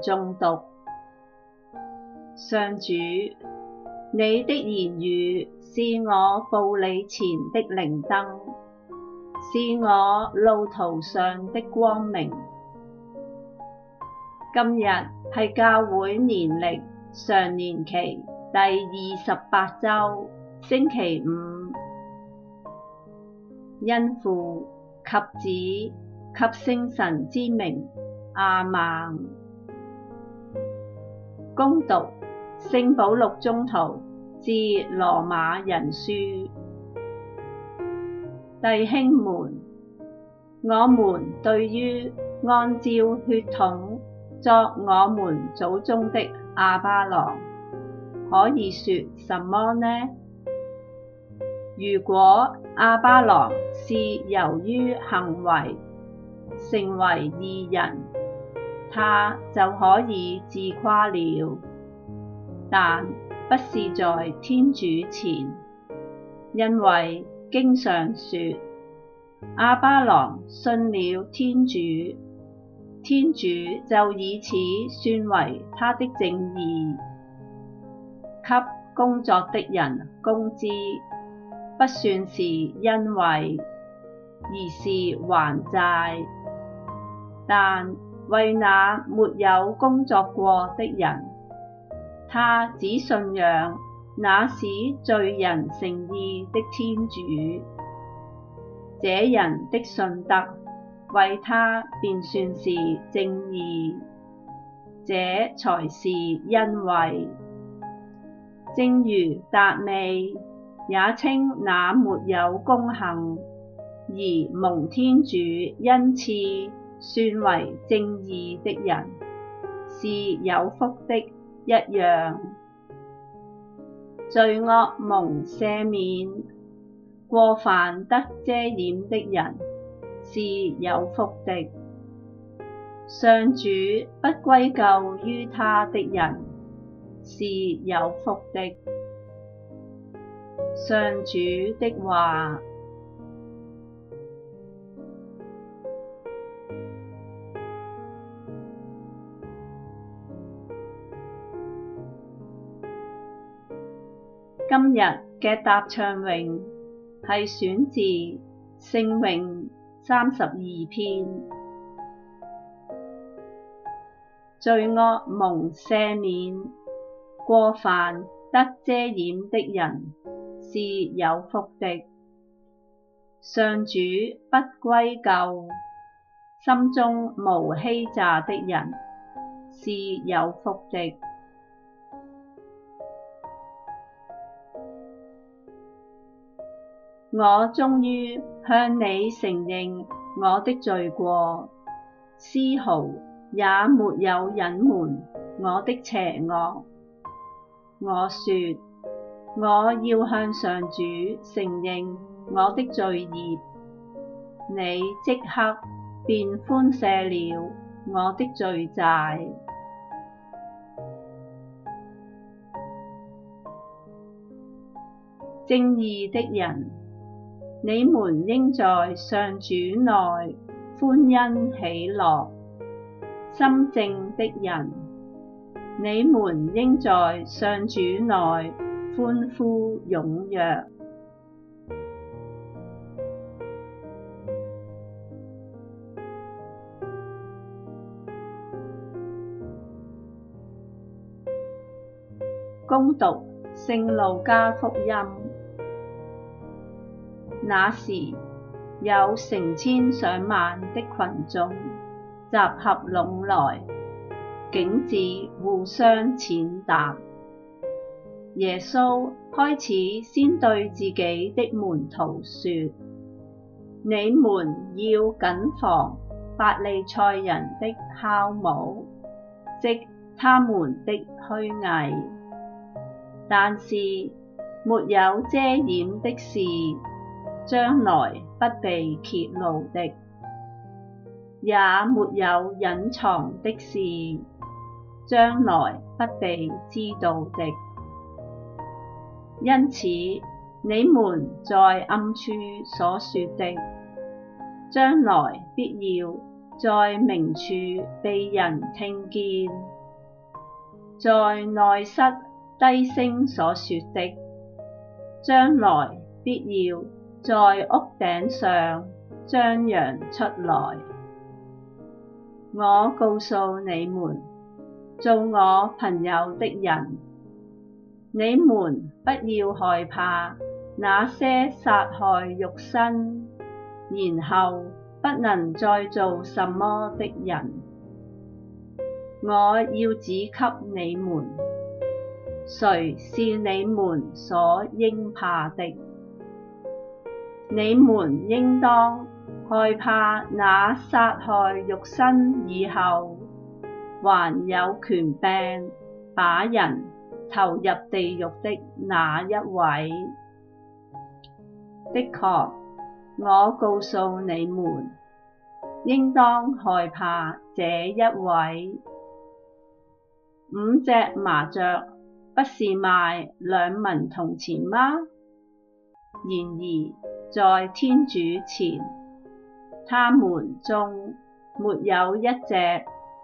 誦讀。上主，你的言語是我步履前的靈燈，是我路途上的光明。今日係教會年曆常年期第二十八周星期五，因父及子及聖神之名，亞孟。恭讀《聖保祿宗徒至《羅馬人書》，弟兄們，我們對於按照血統作我們祖宗的亞巴郎，可以説什麼呢？如果亞巴郎是由於行為，成為義人，他就可以自誇了，但不是在天主前，因為經上說亞巴郎信了天主，天主就以此算為他的正義，給工作的人工資，不算是恩惠，而是還債，但。為那沒有工作過的人，他只信仰那使罪人成義的天主，這人的信德為他便算是正義，這才是恩惠。正如達味也稱那沒有功行而蒙天主恩賜。算為正義的人，是有福的一樣。罪惡蒙赦免、過犯得遮掩的人，是有福的。上主不歸咎於他的人，是有福的。上主的話。今日嘅答唱詠係選自聖詠三十二篇，罪惡蒙赦免、過犯得遮掩的人是有福的，上主不歸咎，心中無欺詐的人是有福的。我終於向你承認我的罪過，絲毫也沒有隱瞞我的邪惡。我說我要向上主承認我的罪孽。你即刻便寬赦了我的罪債。正義的人。你們應在上主內歡欣喜樂，心正的人。你們應在上主內歡呼踴躍。恭讀《聖路加福音》。那時，有成千上萬的群眾集合攏來，竟至互相踐踏。耶穌開始先對自己的門徒説：你們要謹防法利塞人的酵母，即他們的虛偽。但是沒有遮掩的事。將來不被揭露的，也沒有隱藏的事，將來不被知道的，因此你們在暗處所說的，將來必要在明處被人聽見，在內室低聲所說的，將來必要。在屋頂上張揚出來。我告訴你們，做我朋友的人，你們不要害怕那些殺害肉身，然後不能再做什麼的人。我要指給你們，誰是你們所應怕的。你們應當害怕那殺害肉身以後，還有權柄把人投入地獄的那一位。的確，我告訴你們，應當害怕這一位。五隻麻雀不是賣兩文銅錢嗎？然而，在天主前，他們中沒有一隻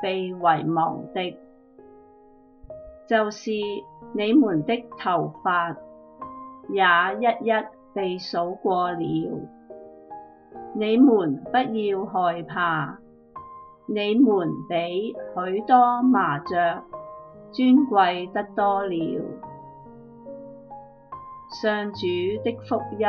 被遺忘的，就是你們的頭髮，也一一被數過了。你們不要害怕，你們比許多麻雀尊貴得多了。上主的福音。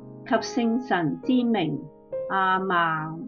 及聖神之名，阿曼。